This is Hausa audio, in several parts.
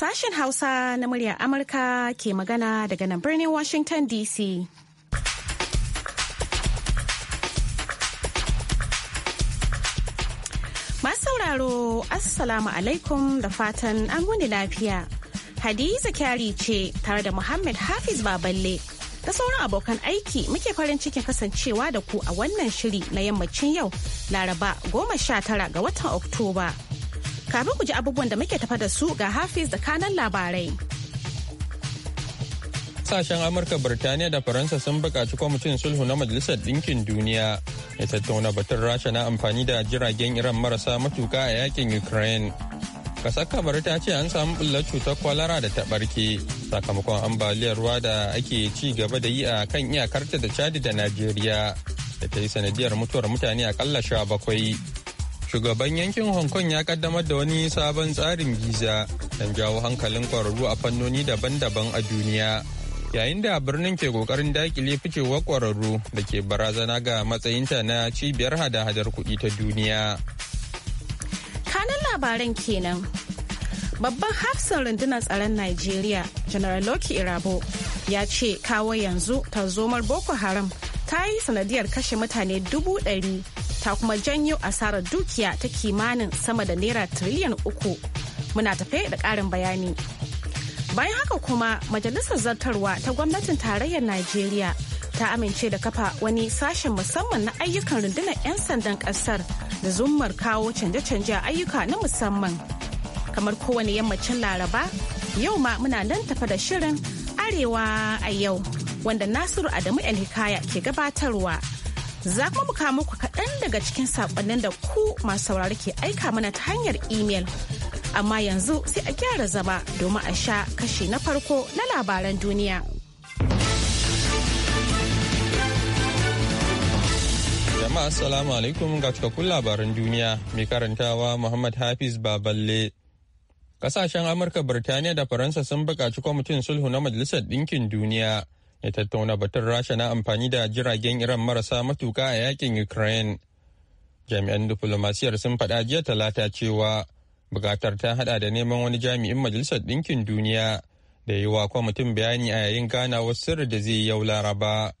Sashen Hausa na muryar Amurka ke magana daga nan birnin Washington DC. Masu sauraro, Assalamu alaikum da fatan an gudu lafiya. Hadiza Kyari ce tare da Muhammad Hafiz Baballe. Da sauran abokan aiki muke farin cikin kasancewa da ku a wannan shiri na yammacin yau, Laraba goma sha tara ga watan Oktoba. Kafin ku ji abubuwan da muke tafa da su ga Hafiz da kanan labarai. Sashen Amurka, Birtaniya da Faransa sun buƙaci kwamitin sulhu na Majalisar Ɗinkin Duniya ya tattauna batun Rasha na amfani da jiragen Iran marasa matuka a yakin Ukraine. Kasar kamar ta ce an samu bullar cutar kwalara da ta ɓarke sakamakon ambaliyar ruwa da ake ci gaba da yi a kan iyakarta da Chad da Najeriya da ta yi sanadiyar mutuwar mutane akalla sha bakwai. shugaban yankin hong kong ya kaddamar da wani sabon tsarin giza don jawo hankalin kwararru a fannoni daban-daban a duniya yayin da birnin ke kokarin dakile ficewar kwararru da ke barazana ga matsayinta na cibiyar hada-hadar kuɗi ta duniya kanan labaran kenan babban hafsan rundunar tsaron najeriya general loki irabo ya ce kawo yanzu tarzomar boko haram ta yi sanadiyar kashe mutane dubu ɗari ta kuma janyo asarar dukiya ta kimanin sama da naira triliyan uku muna tafe da karin bayani bayan haka kuma majalisar zartarwa ta gwamnatin tarayyar najeriya ta amince da kafa wani sashen musamman na ayyukan rundunar 'yan sandan ƙasar da zumar kawo canje-canje a ayyuka na musamman kamar kowane yammacin laraba yau ma muna nan tafa da shirin arewa a yau wanda nasiru adamu el hikaya ke gabatarwa Za kuma mu kawo muku kaɗan daga cikin saƙonnin da ku masu saurari ke aika mana ta hanyar imel. Amma yanzu sai a gyara zama domin a sha kashi na farko na labaran duniya. Jama'a Assalamu alaikum ga cikakkun labaran duniya mai karantawa Muhammad Hafiz Baballe. Kasashen Amurka, Birtaniya da Faransa sun buƙaci kwamitin sulhu na Majalisar Ɗinkin Duniya ya tattauna batun rasha na amfani da jiragen iran marasa matuka a yakin ukraine jami'an diflomasiyar sun faɗa jiya talata cewa bukatar ta hada da neman wani jami'in majalisar ɗinkin duniya da yi wa kwamitin bayani a yayin wasu sirri da zai yau laraba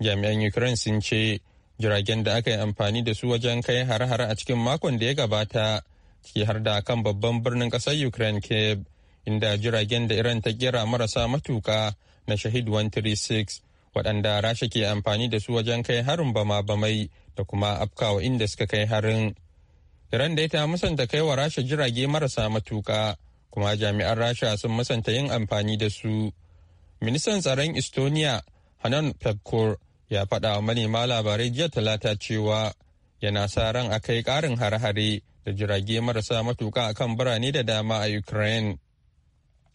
jami'an ukraine sun ce jiragen da aka yi amfani da su wajen kai har-har a cikin makon da ya gabata ciki har da kan babban birnin ƙasar ukraine cape inda jiragen da Iran ta kera marasa matuka na Shahid 136 waɗanda Rasha ke amfani da su wajen kai harin bama-bamai da kuma afkawa inda suka kai harin. Iran dai ta musanta kai wa Rasha jirage marasa matuka kuma jami'an Rasha sun musanta yin amfani da su. Ministan tsaron Estonia Hanan Pekor ya faɗa wa manema labarai jiya talata cewa yana sa ran a kai ƙarin hare-hare da jirage marasa matuka akan birane da dama a Ukraine.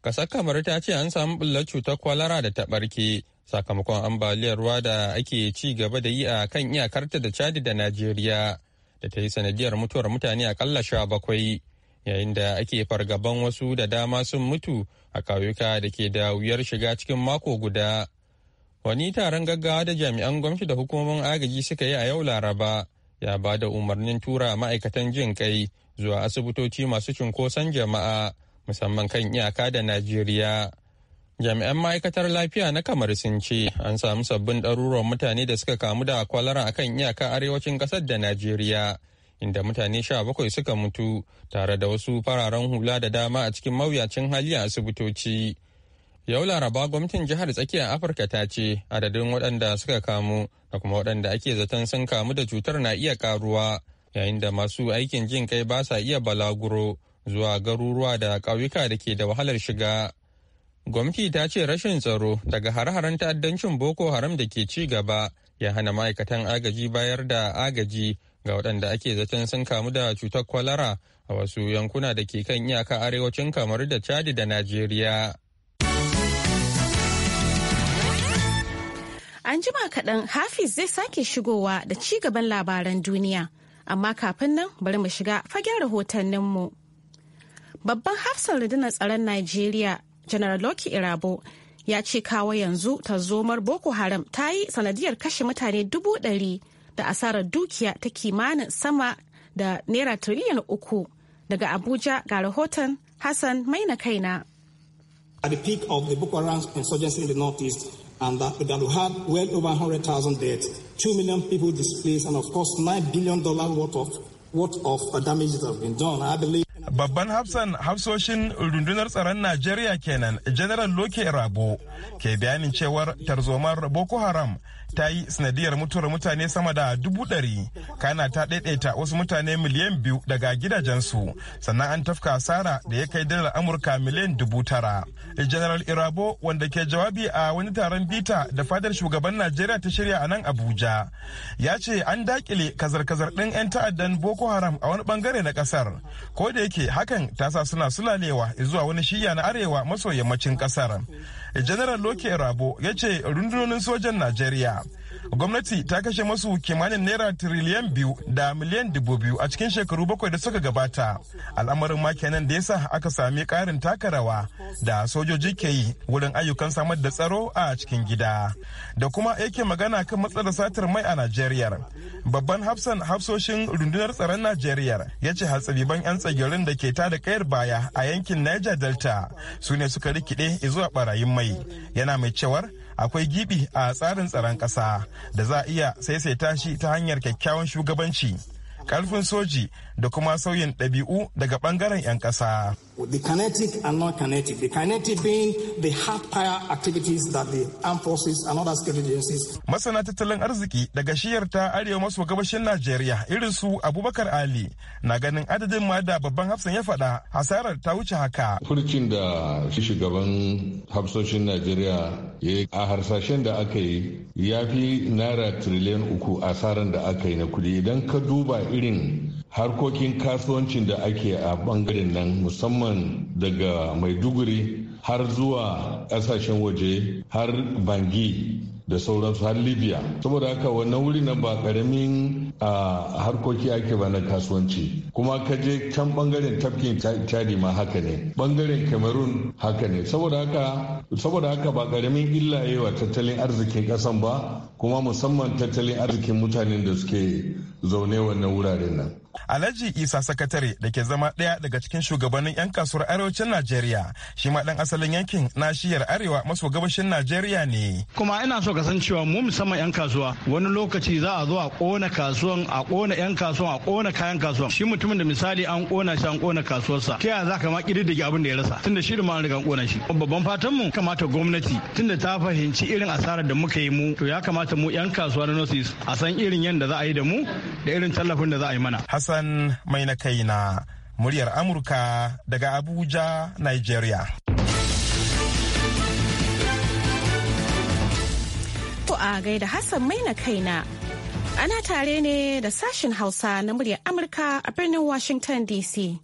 Kasar kamar ta ce an samu bullar cutar kwalara da ta ɓarke sakamakon ambaliyar ruwa da ake ci gaba da yi a kan iyakarta da Chad da Najeriya da ta yi sanadiyar mutuwar mutane akalla sha bakwai yayin da ake fargaban wasu da dama sun mutu a kawuka da ke da wuyar shiga cikin mako guda. Wani taron gaggawa da jami'an gwamnati da hukumomin agaji suka yi a yau Laraba ya ba da umarnin tura ma'aikatan jin kai zuwa asibitoci masu cunkoson jama'a musamman kan iyaka da Najeriya. Jami'an ma'aikatar lafiya na kamar sun ce an samu sabbin ɗaruruwan mutane da suka kamu da kwalara a kan iyaka arewacin ƙasar da Najeriya, inda mutane sha bakwai suka mutu tare da wasu fararen hula da dama a cikin mawuyacin hali a asibitoci. Yau Laraba gwamnatin jihar tsakiyar Afirka ta ce adadin waɗanda suka kamu da kuma waɗanda ake zaton sun kamu da cutar na iya karuwa yayin da masu aikin jin kai ba sa iya balaguro zuwa garuruwa da ƙauyuka da ke da wahalar shiga. Gwamnati ta ce rashin tsaro daga hare-haren ta'addancin Boko Haram da ke ci gaba ya hana ma'aikatan agaji bayar da agaji ga waɗanda ake zaton sun kamu da cutar kwalara a wasu yankuna da ke kan iyaka arewacin kamar da Chadi da Najeriya. An jima kaɗan Hafiz zai sake shigowa da ci gaban labaran duniya, amma kafin nan bari mu shiga fagen rahotanninmu. mu. babban hafsan rundunar tsaron najeriya General loki irabo ya ce kawo yanzu tarzomar boko haram ta yi sanadiyar kashe mutane dubu ɗari da asarar dukiya ta kimanin sama da naira tiriliyan uku daga abuja ga rahoton hassan maina kaina at the peak of the boko haram insurgency in the northeast and that, we had well over 100,000 deaths 2 million people displaced and of course 9 billion worth of worth of damages have been done i believe babban hafsan hafsoshin rundunar tsaron najeriya kenan general loke rabo ke bayanin cewar tarzomar boko haram ta yi sanadiyar mutuwar mutane sama da dubu ɗari kana ta ɗaiɗaita wasu mutane miliyan biyu daga gidajensu sannan an tafka asara da ya kai dalar amurka miliyan dubu tara general irabo wanda ke jawabi a wani taron bita da fadar shugaban najeriya ta shirya a nan abuja ya ce an dakile kazar-kazar ɗin 'yan ta'addan boko haram a wani bangare na ƙasar ko da yake hakan ta sa suna sulalewa zuwa wani shiya na arewa maso yammacin ƙasar general loke irabo ya ce rundunonin sojan najeriya gwamnati ta kashe masu kimanin naira tiriliyan biyu da miliyan dubu biyu a cikin shekaru bakwai da suka gabata al'amarin ma kenan da yasa aka sami karin taka rawa da sojoji ke yi wurin ayyukan samar da tsaro a cikin gida da kuma yake magana kan matsalar satar mai a najeriya babban hafsan hafsoshin rundunar tsaron najeriya ya ce hatsabiban 'yan tsagirin da ke tada kayar baya a yankin niger delta su ne suka rikide zuwa barayin mai yana mai cewar akwai gibi a tsarin tsaron ƙasa da za a iya saisaita shi ta hanyar kyakkyawan shugabanci, ƙarfin soji da kuma sauyin ɗabi'u daga ɓangaren 'yan ƙasa. the kinetic and non-kinetic. The kinetic being the hard-fire activities that the armed forces and other security agencies. Masana tattalin arziki daga shiyar ta arewa maso gabashin Najeriya irin su Abubakar Ali na ganin adadin ma da babban hafsan ya fada hasarar ta wuce haka. Furcin da shugaban hafsoshin Najeriya ya a harsashen da aka yi ya fi naira triliyan uku asarar da aka yi na kuɗi idan ka duba irin harkokin kasuwancin da ake a bangaren nan musamman daga maiduguri har zuwa kasashen waje har bangi da sauransu har libya saboda haka wannan wuri na ba karamin a harkoki ake ba na kasuwanci kuma ka je can bangaren tafkin chadi ma haka ne bangaren cameroon haka ne saboda haka ba karamin illa wa tattalin arzikin kasan ba kuma musamman tattalin arzikin mutanen da suke zaune wannan wuraren nan. Alhaji Isa Sakatare da ke zama ɗaya daga cikin shugabannin 'yan kasuwar arewacin Najeriya shi ma ɗan asalin yankin na shiyar arewa maso gabashin Najeriya ne. Kuma ina so kasan cewa mu musamman 'yan kasuwa wani lokaci za a zo a ƙona kasuwan a ƙona 'yan kasuwan a ƙona kayan kasuwan shi mutumin da misali an ƙona shi an ƙona kasuwarsa ta yaya za ka ma ƙididdige abin da ya rasa tunda shi da ma riga ƙona shi. Babban fatan mu kamata gwamnati tunda ta fahimci irin asarar da muka yi mu to ya kamata mu 'yan kasuwa na a san irin yadda za a yi da mu da irin tallafin da za a yi mana. Hassan mai na kai muryar Amurka daga Abuja, Nigeria. To a gaida Hassan mai na kaina. Ana tare ne da sashen Hausa na muryar Amurka a birnin Washington DC.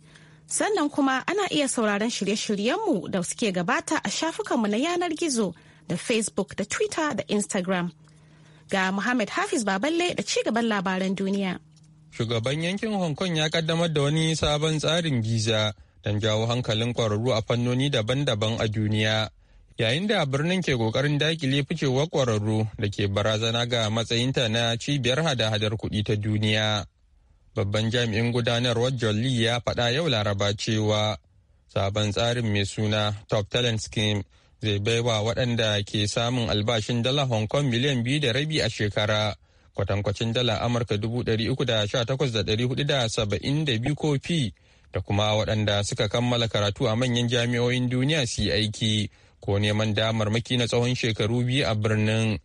Sannan kuma ana iya sauraron shirye-shiryenmu da suke gabata a shafukanmu na yanar gizo da Facebook da Twitter da Instagram. ga Muhammad Hafiz Baballe da cigaban labaran duniya. Shugaban yankin Hong Kong ya kaddamar da wani sabon tsarin giza don jawo hankalin kwararru a fannoni daban-daban a duniya. Yayin da birnin ke kokarin dakile ficewar kwararru da ke barazana ga matsayinta na cibiyar hada-hadar kuɗi ta duniya. Babban jami'in gudanarwar John Lee ya faɗa yau Laraba cewa sabon tsarin mai suna Top Talent Scheme zai baiwa waɗanda ke samun albashin dala hong kong miliyan biyu da rabi a shekara kwatankwacin dala amurka dubu ɗari uku da sha takwas da ɗari hudu da saba'in da biyu ko fi da kuma waɗanda suka kammala karatu a manyan jami'o'in duniya su yi aiki ko neman damar maki na tsawon shekaru biyu a birnin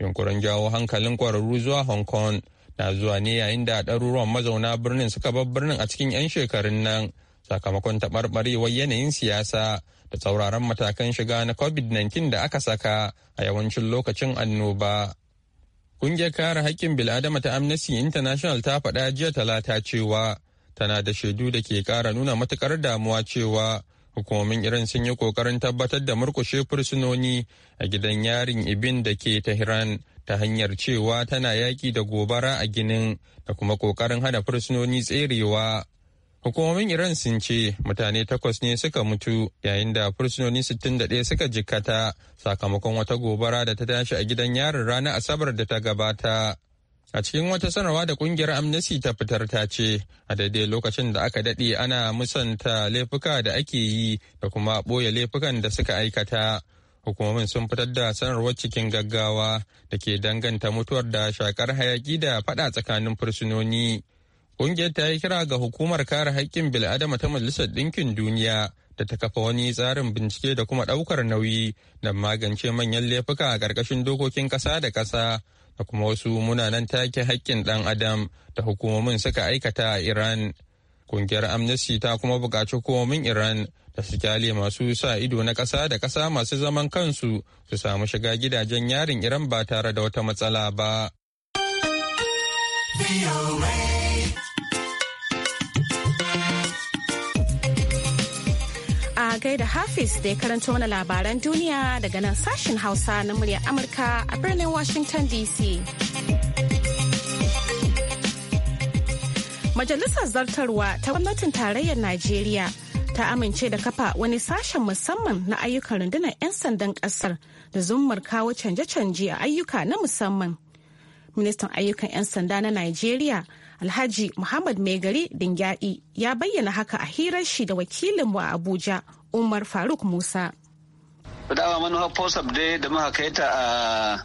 yunkurin jawo hankalin kwararru zuwa hong kong na zuwa ne yayin da ɗaruruwan mazauna birnin suka bar birnin a cikin 'yan shekarun nan sakamakon taɓarɓarewar yanayin siyasa da tsauraran matakan shiga na covid-19 da aka saka a yawancin lokacin annoba. ƙungiyar kare haƙƙin bil'adama ta Amnesty International ta faɗa jiya talata cewa tana da shaidu da ke ƙara nuna matuƙar damuwa cewa hukumomin Iran sun yi ƙoƙarin tabbatar da murkushe fursunoni a gidan yarin Ibin da ke Tehran ta hanyar cewa tana yaƙi da gobara a ginin da kuma ƙoƙarin hana fursunoni tserewa. Hukumomin Iran sun ce mutane takwas ne suka mutu yayin da fursunoni 61 suka jikkata sakamakon wata gobara da ta tashi a gidan yarin ranar Asabar da ta gabata. A cikin wata sanarwa da kungiyar Amnesty ta fitar ta ce, a daidai lokacin da aka daɗe ana musanta laifuka da ake yi da kuma ɓoye laifukan da suka aikata. Hukumomin sun fitar da sanarwar cikin gaggawa da ke danganta mutuwar da shakar hayaki da faɗa tsakanin fursunoni. Ƙungiyar ta yi kira ga hukumar kare haƙƙin bil'adama ta Majalisar Ɗinkin Duniya da ta kafa wani tsarin bincike da kuma ɗaukar nauyi don magance manyan laifuka a ƙarƙashin dokokin ƙasa da ƙasa da kuma wasu munanan take haƙƙin ɗan adam da hukumomin suka aikata a Iran. Ƙungiyar Amnesty ta kuma buƙaci hukumomin Iran da su kyale masu sa ido na ƙasa da ƙasa masu zaman kansu su samu shiga gidajen yarin Iran ba tare da wata matsala ba. kai da Hafiz da ya karanto mana labaran duniya daga nan sashen Hausa na muryar Amurka a birnin Washington DC. Majalisar Zartarwa ta gwamnatin tarayyar Najeriya ta amince da kafa wani sashen musamman na ayyukan rundunar 'yan sandan ƙasar da zummar kawo canje-canje a ayyuka na musamman. Ministan ayyukan 'yan sanda na Najeriya Alhaji Muhammad Megari Dingyadi ya bayyana haka a hirar shi da wakilinmu a Abuja Umar Faruk Musa. Dawa manufa POSAP dai da muka kai a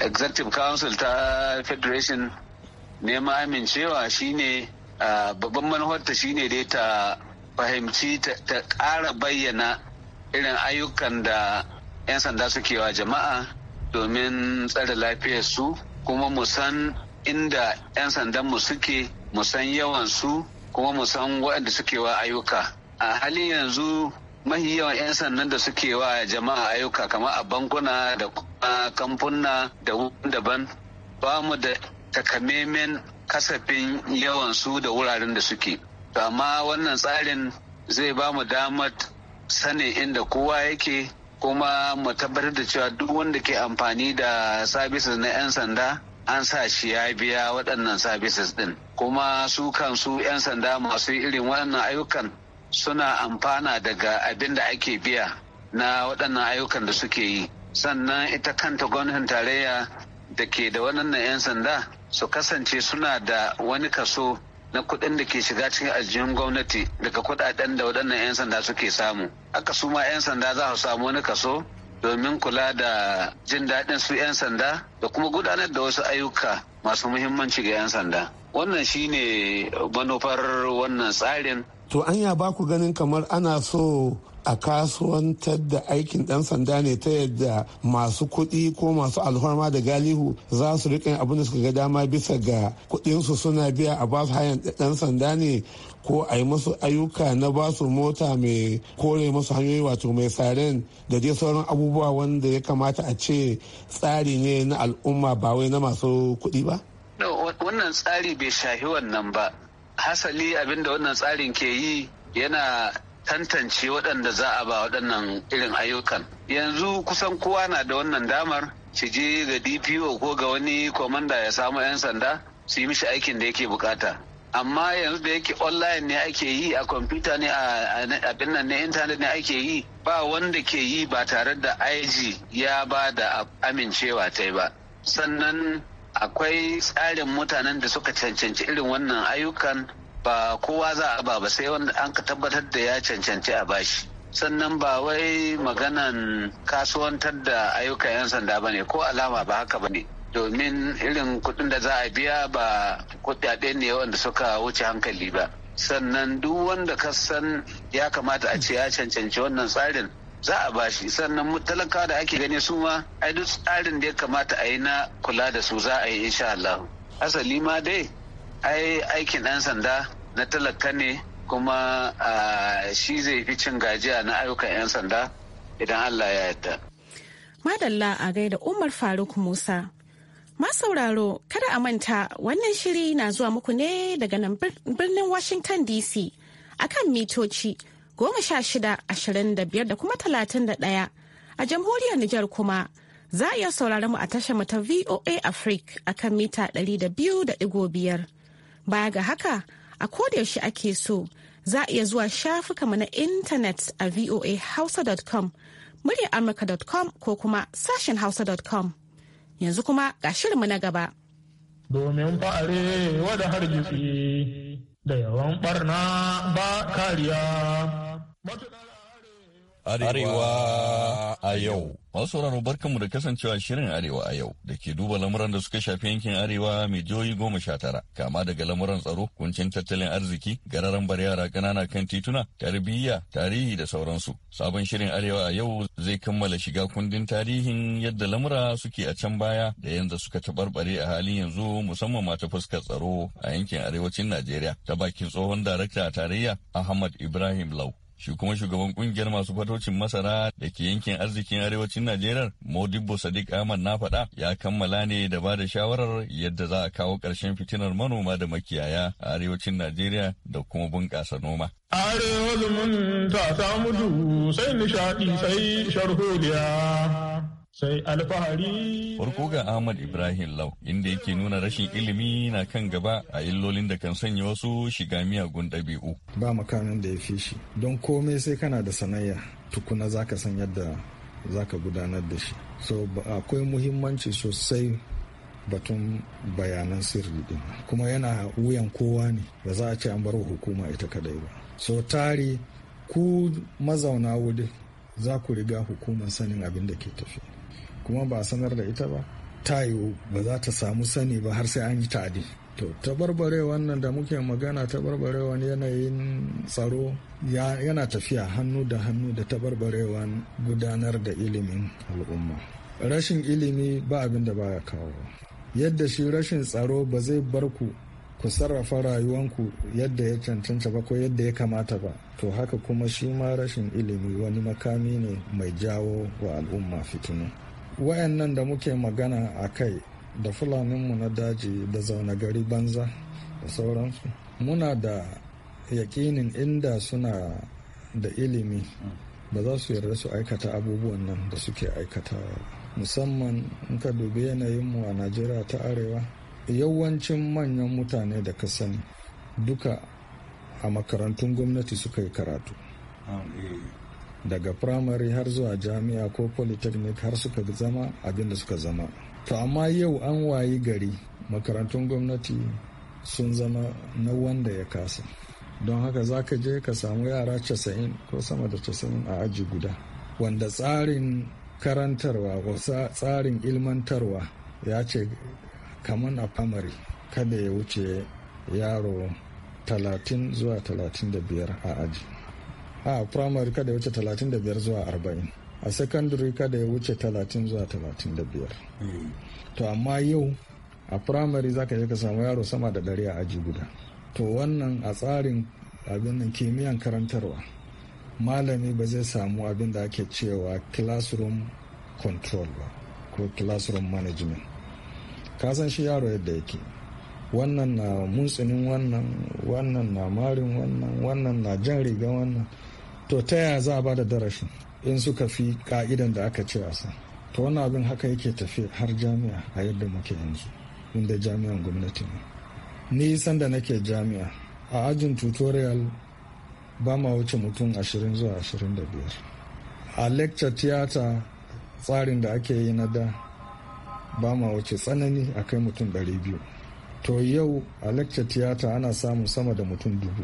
Executive Council ta Federation neman amincewa shine babban manufarta shine dai ta fahimci ta ƙara bayyana irin ayyukan da 'yan sanda suke wa jama'a domin tsare lafiyarsu kuma mu san inda 'yan sandanmu suke musan san yawansu kuma musan waɗanda suke wa ayyuka a halin yanzu mahi yawan 'yan sannan da suke wa jama'a ayyuka kamar a bankuna da kuma kamfuna da daban ba mu da takamaimen kasafin yawan su da wuraren da suke amma wannan tsarin zai ba mu damar sanin inda kowa yake kuma mu tabbatar da cewa duk wanda ke amfani da sabisus na 'yan sanda an sa shi ya biya waɗannan sabisis ɗin kuma su kansu 'yan sanda masu irin waɗannan ayyukan suna amfana daga abin da ake biya na waɗannan ayyukan da suke yi sannan ita kanta gwamnatin tarayya da ke da waɗannan 'yan sanda su kasance suna da wani kaso na kuɗin da ke shiga cikin aljihun gwamnati daga kuɗaɗen da waɗannan 'yan sanda suke samu aka su ma 'yan sanda za su samu wani kaso domin kula da jin daɗin su 'yan sanda da kuma gudanar da wasu ayyuka masu muhimmanci ga 'yan sanda wannan shine manufar wannan tsarin to anya ba ku ganin kamar ana so a kasuwantar da aikin dan sanda ne ta yadda masu kuɗi ko masu alfarma da galihu za su riƙa abin da suka ga dama bisa ga kuɗinsu suna biya a basu hayan dan sanda ne ko a yi musu ayyuka na basu mota mai kore masu hanyoyi wato mai saren da dai sauran abubuwa wanda ya kamata a ce tsari ne na al'umma ba wai na masu kuɗi ba? wannan tsari bai shahi wannan ba hasali abinda wannan tsarin ke yi yana tantance waɗanda za a ba waɗannan irin ayyukan yanzu kusan kowa na da wannan damar shi je ga dpo ko ga wani komanda ya samu 'yan sanda su yi mishi aikin da yake bukata amma yanzu da yake online ne ake yi a kwamfuta ne a nan ne intanet ne ake yi ba wanda ke yi ba tare da ig ya ba da amincewa ta ba sannan akwai tsarin mutanen da suka cancanci irin wannan ayyukan ba kowa za a ba ba sai wanda an ka tabbatar da ya cancanci a bashi sannan ba wai maganan kasuwantar da ayyukan 'yan sanda ba ne ko alama ba haka ba ne domin irin kuɗin da za a biya ba kuɗaɗe ne wanda suka wuce hankali ba sannan duk wanda ka san ya kamata a ce ya cancanci wannan tsarin za a bashi sannan talakawa da ake gani su ma ai duk tsarin da ya kamata a yi na kula da su za a yi insha Allah asali ma dai ai aikin ɗan sanda na talaka ne kuma shi zai fi cin gajiya na ayyukan 'yan sanda idan Allah ya yarda. Madalla a gaida Umar Faruk Musa. ma sauraro kada a manta wannan shiri na zuwa muku ne daga nan birnin Washington DC akan mitoci goma sha shida ashirin da biyar da kuma talatin da ɗaya a jamhuriyar Nijar kuma za a iya saurari mu a tashar mu ta VOA Africa a kan mita ɗari da biyu da ɗigo biyar. Baya ga haka a yaushe ake so za a iya zuwa shafuka mu na intanet a voahausa.com muryamurka.com ko kuma sashen hausa.com yanzu kuma ga shirinmu na gaba. Domin fa'are wada hargitsi da yawan barna ba kariya. Arewa a yau. Masu sauraro barkanmu da kasancewa shirin Arewa a yau da ke duba lamuran da suka shafi yankin Arewa mai jihohi goma sha tara. Kama daga lamuran tsaro, kuncin tattalin arziki, gararan bar yara ƙanana kan tituna, tarbiyya, tarihi da sauransu. Sabon shirin Arewa a yau zai kammala shiga kundin tarihin yadda lamura suke a can baya da yanzu suka taɓarɓare a halin yanzu musamman mata fuskar tsaro a yankin arewacin Najeriya ta bakin tsohon darakta a tarayya Ahmad Ibrahim Lau. Shi kuma shugaban kungiyar masu fatocin masara da ke yankin arzikin arewacin Najeriya Modibo Sadiq Ahmad na faɗa ya kammala ne da ba da shawarar yadda za a kawo ƙarshen fitinar manoma da makiyaya a arewacin Najeriya da kuma bunƙasa noma. Arewa zumunta ta mutu sai nishaɗi sai sharholiya. sai alfahari. Farko ga Ahmad Ibrahim Lau inda yake nuna rashin ilimi na kan gaba a illolin da kan sanya wasu shiga miyagun ɗabi'u. Ba makamin da ya fi shi don komai sai kana da sanayya tukuna zaka san yadda ka gudanar da shi. So akwai muhimmanci sosai batun bayanan sirri din kuma yana wuyan kowa ne ba za a ce an bar wa hukuma ita kadai ba. So tari ku mazauna wuri za ku riga hukumar sanin abin da ke tafiya. kuma ba sanar da ita ba ta yiwu ba za ta samu sani ba har sai an yi ta'adi to tabarbare wannan da muke magana wani yanayin tsaro yana tafiya hannu da hannu da tabarbarewan gudanar da ilimin al'umma rashin ilimi ba abin da baya kawo yadda shi rashin tsaro ba zai bar ku ku sarrafa rayuwanku yadda ya cancanta ba ko yadda ya kamata ba to haka kuma shi ma rashin ilimi wani makami ne mai jawo wa al'umma fitinu wayannan da muke magana a kai da fulaninmu na daji da zaune gari banza da sauransu muna da yakinin inda suna da ilimi ba za su yarda su aikata abubuwan nan da suke aikata musamman in ka dubi yanayinmu a najeriya ta arewa yawancin manyan mutane da ka sani duka a makarantun gwamnati suka yi karatu ah, eh. daga firamare har zuwa jami'a ko polytechnic har suka zama abin da suka zama to amma yau an wayi gari makarantun gwamnati sun zama na wanda ya kasa don haka za ka je ka samu yara 90 ko sama da 90 a aji guda wanda tsarin karantarwa ko tsarin ilmantarwa ya ce kamar a famari kada ya wuce yaro 30 zuwa 35 a aji a primary kada ya wuce 35 zuwa 40 a secondary kada ya wuce 30 zuwa 35 to amma yau a primary zaka je ka samu yaro sama da ɗari a aji guda to wannan a tsarin abin nan kimiyyan karantarwa malami ba zai samu abin da ake cewa classroom control ba ko classroom management kasan shi yaro yadda yake wannan na muntsinin wannan wannan na marin wannan wannan na jan riga wannan to ta yaya za a ba da darashin in suka fi ka'idan da aka ce a san? to wannan abin haka yake tafi har jami'a a yadda muke yanzu inda jami'an gwamnati ne ni sanda nake jami'a a ajin tutorial ba ma wuce mutum 20 zuwa 25 a lecture theater tsarin da ake yi na da ba ma wuce tsanani a kai mutum 200 to yau a lecture tiyata ana samun sama da mutum dubu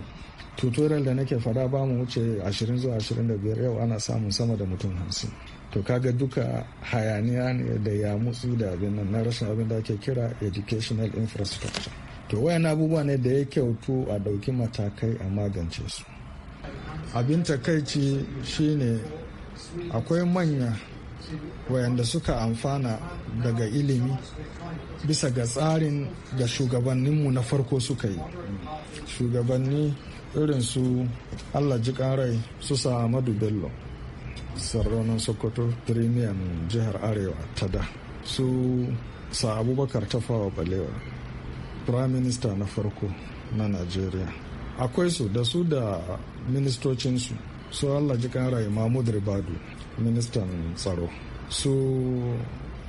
tutorial da nake fada ba mu wuce 20 zuwa 25 yau ana samun sama da mutum hamsin to kaga duka hayaniya ne da ya mutsu da abin nan na rashin abin da ake kira educational infrastructure to wayan abubuwa ne da ya kyautu a dauki matakai a magance su abin takaici shine akwai manya wayanda suka amfana daga ilimi bisa ga tsarin da shugabanninmu na farko suka yi shugabanni irin su allah ji rai su Samadu bello sarraunin sokoto premium jihar arewa ta da su sa abubakar tafawa balewa prime minister na farko na nigeria akwai su da su da ministocinsu su allah ji kan rayu mahmud ribadu ministan tsaro su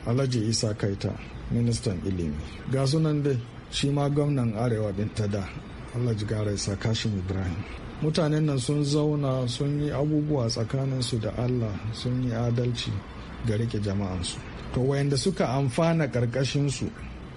alhaji isa kaita ministan ilimi ga sunan dai shi ma gwamnan arewa din ta da allah ji sakashin ibrahim mutanen nan sun zauna sun yi abubuwa tsakaninsu da allah sun yi adalci ga rike jama'ansu to wayanda suka amfana karkashinsu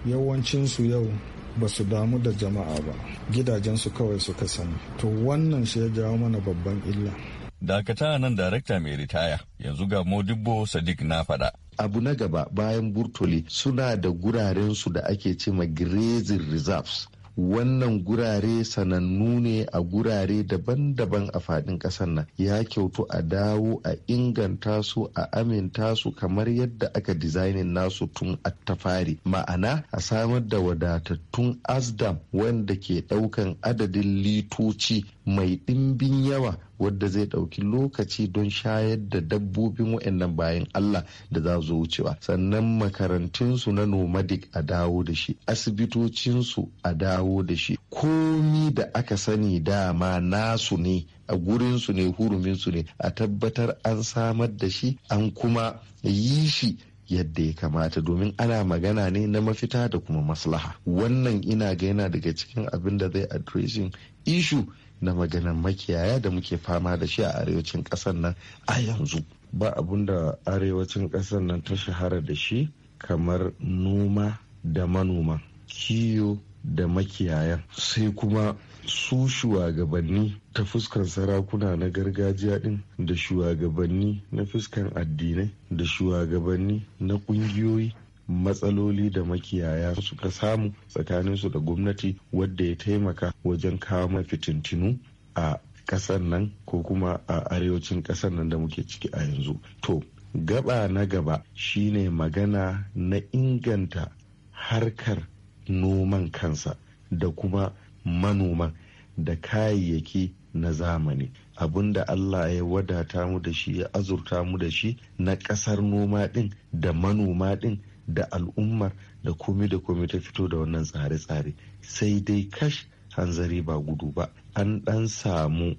yawancinsu yau ba su damu da jama'a ba gidajensu kawai suka sani to wannan shi ya jawo mana babban illa dakata nan darakta mai ritaya yanzu ga modibbo sadiq na faɗa abu na gaba bayan burtoli suna da gurarensu da ake ce Giresin grazing reserves wannan gurare sanannu ne a gurare daban-daban a faɗin ƙasar nan ya kyautu a dawo a inganta su a aminta su kamar yadda aka dizainin nasu tun a tafari ma'ana a samar da wadatattun asdam wanda ke ɗaukan adadin litoci mai ɗimbin yawa wadda zai ɗauki lokaci don shayar da dabbobin waɗannan bayan Allah da za zo wucewa sannan makarantunsu na nomadic a dawo da shi asibitocinsu a dawo da shi komi da aka sani dama nasu ne a gurinsu ne huruminsu ne a tabbatar an samar da shi an kuma yi shi yadda ya kamata domin ana magana ne na mafita da kuma maslaha wannan ina ga yana daga cikin abin da zai addressing issue na maganar makiyaya da muke fama da shi a arewacin ƙasar nan a yanzu ba abun da arewacin ƙasar nan ta shahara da shi kamar noma da manoma kiyo da makiyaya sai kuma su shugabanni ta fuskan sarakuna na gargajiya din da shugabanni na fuskan addinai da shugabanni na ƙungiyoyi. matsaloli da makiyaya suka samu tsakaninsu da gwamnati wadda ya taimaka wajen kawo fitintinu a ƙasar nan ko kuma a arewacin ƙasar nan da muke ciki a yanzu to gaba na gaba shine magana na inganta harkar noman kansa da kuma manoman da kayayyaki na zamani abin da Allah ya wadata mu da shi ya azurta mu da shi na ƙasar noma ɗin da manoma ɗin da al'ummar da komai da komai ta fito da wannan tsare-tsare sai dai kash hanzari ba gudu ba an ɗan samu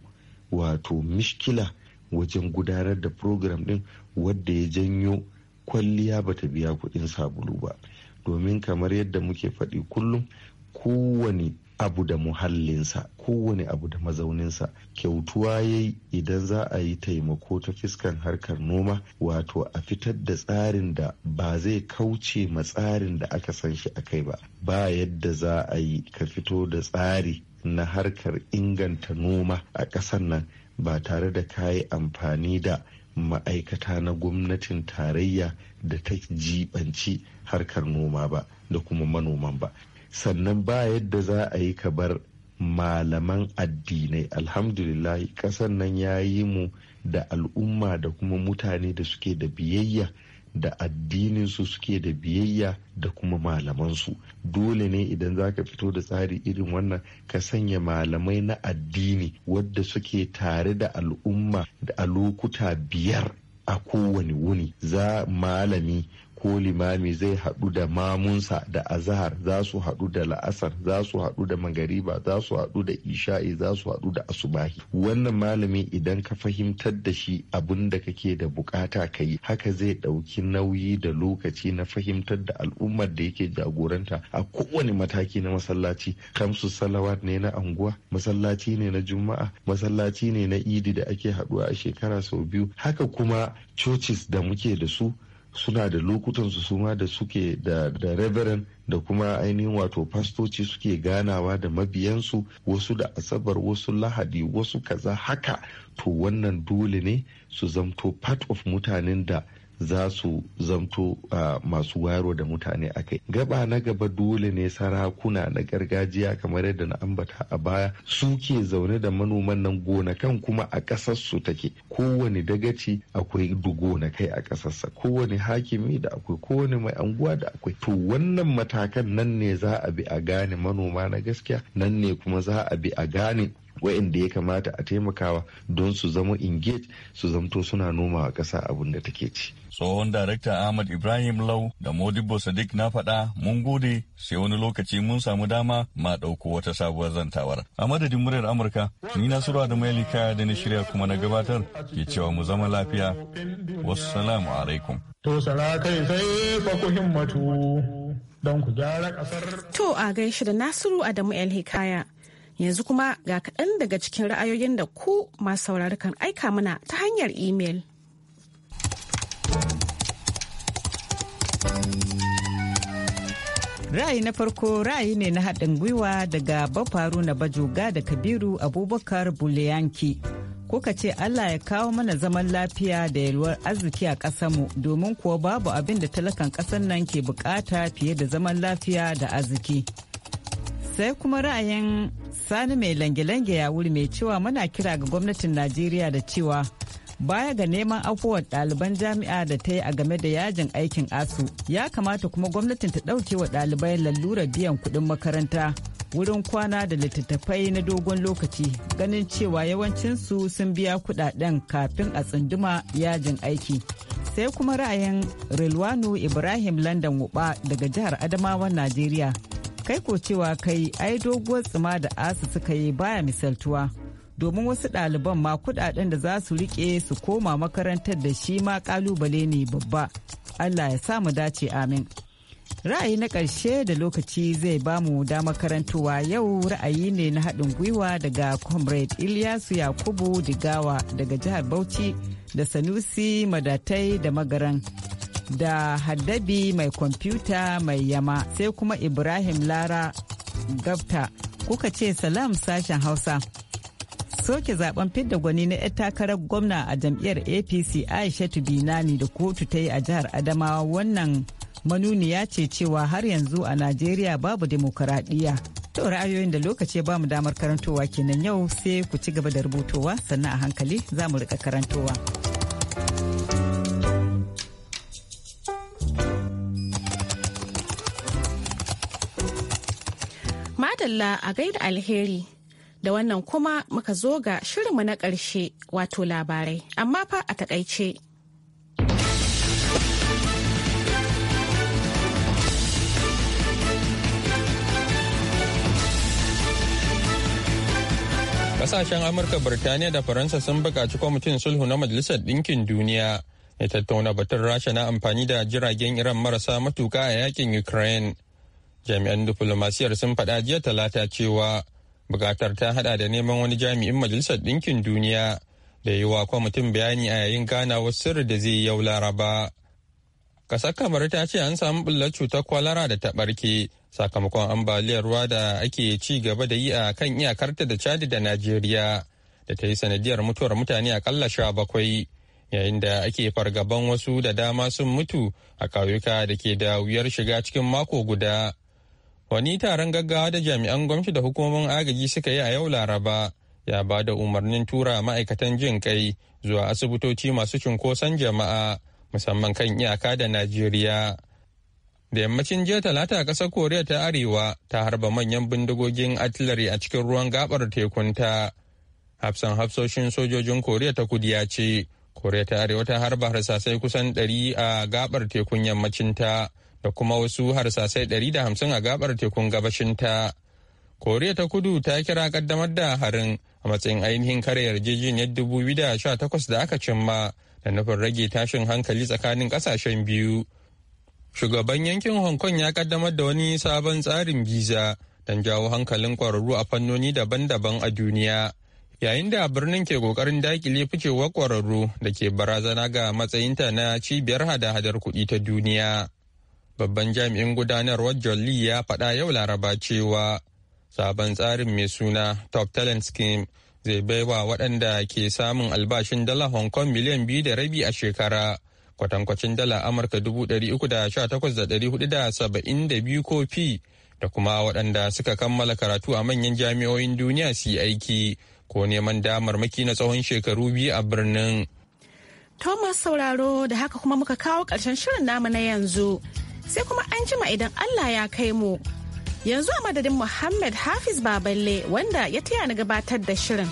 wato mishkila wajen gudanar da program ɗin wadda ya janyo kwalliya ba ta biya kuɗin sabulu ba domin kamar yadda muke faɗi kullum kowane abu da muhallinsa kowane abu da mazauninsa kyautuwa ya yi idan za a yi taimako ta fiskan harkar noma wato a fitar da tsarin da ba zai kauce ma tsarin da aka san shi a kai ba ba yadda za a yi ka fito da tsari na harkar inganta noma a ƙasar nan ba tare da ka yi amfani da ma'aikata na gwamnatin tarayya da ta jibanci harkar noma ba da kuma manoman ba sannan ba yadda za a yi ka bar malaman addinai alhamdulillah kasan nan ya yi mu da al'umma da kuma mutane da suke da biyayya da addininsu suke da biyayya da kuma malamansu dole ne idan za ka fito da tsari irin wannan ka sanya malamai na addini wadda suke tare da al'umma da a lokuta biyar a kowane wuni za malami ko limami zai haɗu da mamunsa da azahar za su haɗu da la'asar za su haɗu da magariba za su haɗu da isha'i za su haɗu da asubahi wannan malami idan ka fahimtar da shi abin da kake da bukata ka yi haka zai ɗauki nauyi da lokaci na fahimtar da al'ummar da yake jagoranta a kowane mataki na masallaci kamsu salawat ne na anguwa masallaci ne na juma'a masallaci ne na idi da ake haɗuwa a shekara sau biyu haka kuma churches da muke da su suna da lokutansu su ma da suke da, da da kuma ainihin wato fastoci suke ganawa da mabiyansu wasu da asabar wasu lahadi wasu kaza haka to wannan dole ne su zamto part of mutanen da za su zamto masu wayarwa da mutane a kai gaba na gaba dole ne sarakuna na gargajiya kamar yadda na ambata a baya suke zaune da manoman nan gonakan kuma a ƙasarsu su take kowane dagaci akwai dugo na kai a ƙasarsa kowane hakimi da akwai kowane mai anguwa da akwai to wannan matakan nan ne za a bi a gane manoma na gaskiya nan ne kuma za a bi a gane wa'inda ya kamata a taimakawa don su zama engage su zamto suna noma a ƙasa abin da take ci. tsohon darakta ahmad ibrahim lau da modibo sadiq na faɗa mun gode sai wani lokaci mun samu dama ma ɗauko wata sabuwar zantawar a madadin muryar amurka ni na sura da mai kaya da na shirya kuma na gabatar ke cewa mu zama lafiya wasu salamu alaikum to sai fa ku himmatu don ku gyara kasar to a gaishe da nasiru adamu el hikaya Yanzu kuma ga kaɗan daga cikin ra'ayoyin da ku masu saurari kan aika mana ta hanyar imel. Ra'ayi na farko ra'ayi ne na haɗin gwiwa daga Bafaru na Bajoga da Kabiru Abubakar Buleyanki. Kuka ce Allah ya kawo mana zaman lafiya da yalwar arziki a ƙasarmu domin kuwa babu abin da talakan ƙasar nan ke bukata fiye da zaman lafiya da arziki. Sai kuma ra'ayin Sani mai lange-lange ya wuri mai cewa muna kira ga gwamnatin Najeriya da cewa baya ga neman afuwar ɗaliban jami'a da ta yi a game da yajin aikin asu ya kamata kuma gwamnatin ta ɗauke wa ɗalibai lalurar biyan kuɗin makaranta wurin kwana da littattafai na dogon lokaci ganin cewa yawancinsu sun biya kuɗaɗen kafin a tsunduma yajin aiki sai kuma ra'ayin rilwano ibrahim london wuba daga jihar adamawa najeriya kai ko cewa kai ai doguwar tsima da asu suka yi baya misaltuwa domin wasu ɗaliban ma kuɗaɗen da za su riƙe su koma makarantar da shi ma ƙalubale ne babba allah ya sa mu dace amin ra'ayi na ƙarshe da lokaci zai ba mu damar karantowa yau ra'ayi ne na haɗin gwiwa daga comrade ilyasu yakubu digawa daga jihar bauchi da sanusi madatai da magaran da haddabi mai kwamfuta mai yama sai kuma ibrahim lara gabta kuka ce salam sashen hausa soke zaben fidda gwani na 'yar takarar gwamna a jam'iyyar apc aishatu binani da kotu ta yi a jihar adamawa wannan manuniya ce cewa har yanzu a najeriya babu demokaradiyya to ra'ayoyin da lokaci ba mu damar karantowa kenan yau sai ku ci gaba da rubutowa sannan a hankali za mu rika karantowa. Allah a gaida alheri. Da wannan kuma muka zo ga shirinmu na ƙarshe wato labarai, amma fa a takaice. Kasashen Amurka, Birtaniya da Faransa sun buƙaci kwamitin sulhu na Majalisar Ɗinkin Duniya ya tattauna batun Rasha na amfani da jiragen Iran marasa matuka a yakin Ukraine. jami'an diflomasiyar sun faɗa jiya talata cewa bukatar ta hada da neman wani jami'in majalisar ɗinkin duniya da yi wa kwamitin bayani a yayin ganawar sirri da zai yau laraba kasar kamar ta ce an samu bullar cutar kwalara da ta ɓarke sakamakon ambaliyar ruwa da ake ci gaba da yi a kan iyakarta da chadi da najeriya da ta yi sanadiyar mutuwar mutane akalla sha bakwai yayin da ake fargaban wasu da dama sun mutu a ƙauyuka da ke da wuyar shiga cikin mako guda Wani taron gaggawa da jami'an gwamnati da hukumomin agaji suka yi a yau Laraba ya ba da umarnin tura ma'aikatan jin kai zuwa asibitoci masu cunkoson jama'a musamman kan iyaka da Najeriya. Da yammacin jiya talata ƙasar Koriya ta Arewa ta harba manyan bindigogin artillery a cikin ruwan gabar tekunta. Hafsan hafsoshin sojojin Koriya ta kudu ya ce, Koriya ta Arewa ta harba harsasai kusan ɗari a gabar tekun yammacin ta da kuma wasu harsasai 150 a gabar tekun gabashinta. Koriya ta kudu ta kira kaddamar da harin a matsayin ainihin kare yarjejeniyar 2018 da aka cimma da nufin rage tashin hankali tsakanin kasashen biyu. Shugaban yankin Hong Kong ya kaddamar da wani sabon tsarin biza don jawo hankalin kwararru a fannoni daban-daban a duniya. Yayin da birnin ke kokarin dakile ficewar kwararru da ke barazana ga matsayinta na cibiyar hada-hadar kuɗi ta duniya. Babban jami'in gudanarwar John Lee ya faɗa yau Laraba cewa sabon tsarin mai suna Top Talent Scheme zai baiwa waɗanda ke samun albashin dala Hong Kong miliyan biyu da rabi a shekara kwatankwacin dala Amurka dubu ɗari uku da sha takwas da ɗari hudu da saba'in da biyu ko fi da kuma waɗanda suka kammala karatu a manyan jami'o'in duniya su yi aiki ko neman damar maki na tsawon shekaru biyu a birnin. Thomas sauraro da haka kuma muka kawo karshen shirin namu na yanzu sai kuma an jima idan Allah ya kai mu. Yanzu a madadin Muhammad Hafiz Baballe wanda ya taya ni gabatar da shirin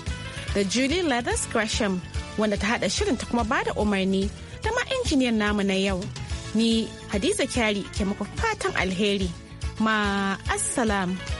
da Julie Leathers Gresham wanda ta haɗa shirin ta kuma bada umarni ta ma injiniyan namu na yau. Ni Hadiza Kyari ke muku fatan alheri. Ma assalam.